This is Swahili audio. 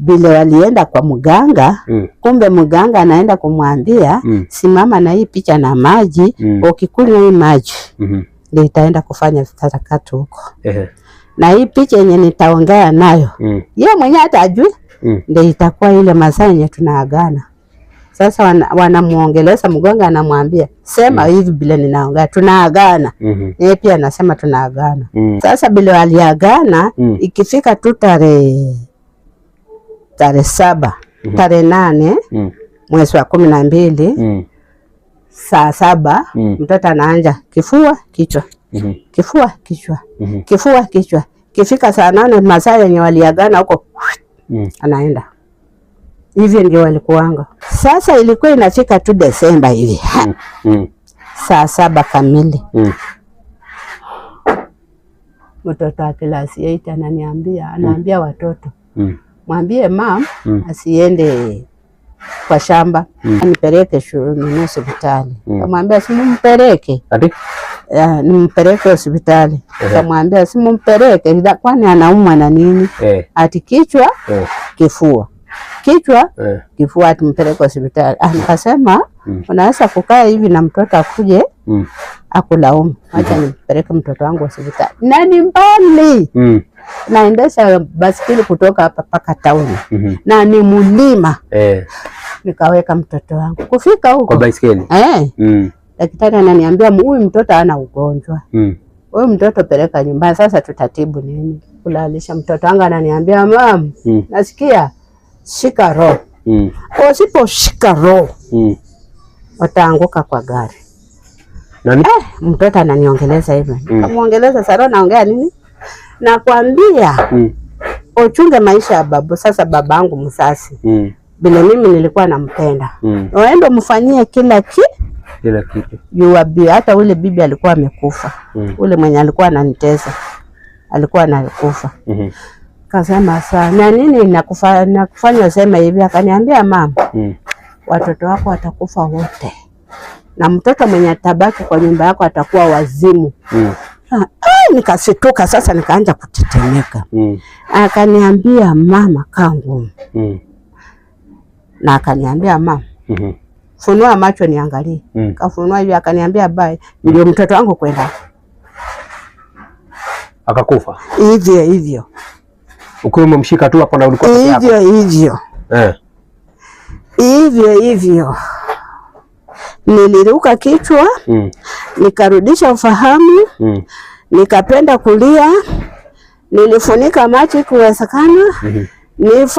vile walienda kwa mganga mm. Kumbe mganga anaenda kumwambia mm. simama na hii picha na maji mm. ukikunywa hii maji mm -hmm. nitaenda kufanya harakati huko na hii picha yenye nitaongea nayo mm. yeye mwenyewe hata ajui mm. ndio itakuwa ile masaa yenye tunaagana. Sasa wanamuongeleza wana mganga anamwambia sema mm. hivi bila ninaongea tunaagana mm -hmm. yeye pia anasema tunaagana mm. Sasa bila waliagana mm. ikifika tu tarehe tarehe saba mm -hmm. tarehe nane mm mwezi wa kumi na mbili mm saa saba mm mtoto anaanja kifua kichwa mm -hmm. kifua kichwa mm -hmm. kifua kichwa kifika saa nane masaa yenye waliagana huko mm anaenda hivyo ndio walikuanga Sasa ilikuwa inafika tu Desemba hivi mm, mm. saa saba kamili mm. mtoto wa klasi 8 ananiambia anaambia mm. watoto mm mwambie mam mm. asiende kwa shamba mm. nipeleke shuleni hospitali mm. kamwambia simumpeleke uh, nimpeleke hospitali uh-huh. Eh. kamwambia simumpeleke kwani anaumwa na nini eh. ati kichwa eh. kifua kichwa eh. kifua atimpeleke hospitali ah, nikasema mm. unaweza kukaa hivi na mtoto akuje mm. akulaumu acha mm. nimpeleke mtoto wangu hospitali na ni mbali mm naendesha basikili kutoka hapa paka tauni mm -hmm. na ni mlima eh. Nikaweka mtoto wangu kufika huko kwa eh. mm. Daktari ananiambia huyu mtoto ana ugonjwa mm. huyu mtoto peleka nyumbani, sasa tutatibu nini? Kulalisha mtoto wangu ananiambia mam, mm. nasikia shika roho mm. usiposhika roho mm. wataanguka kwa gari. Eh, mtoto ananiongeleza hivyo mm. kamuongeleza Saro naongea nini nakwambia mm. Uchunge maisha ya babu. Sasa baba angu msasi mm. bila mimi nilikuwa nampenda mm. Waende mfanyie kila ki kila kitu juu hata ule bibi alikuwa amekufa mm. Ule mwenye alikuwa ananitesa alikuwa anakufa mm -hmm. Kasema saa na nini nakufa, nakufanya sema hivi? Akaniambia mama mm. Watoto wako watakufa wote na mtoto mwenye tabaki kwa nyumba yako atakuwa wazimu mm. Ah, ah, Nikasituka sasa, nikaanza kutetemeka mm. Akaniambia mama, kangu ngumu mm. na akaniambia mama mm -hmm. funua macho niangalie mm. Kafunua hivi, akaniambia bye, ndio mm. mtoto wangu kwenda akakufa hivyo hivyo, ukiwa umemshika tu hapo, na ulikuwa hivyo hivyo eh. hivyo hivyo niliruka kichwa mm. nikarudisha ufahamu mm. nikapenda kulia, nilifunika macho ikiwezekana mm -hmm.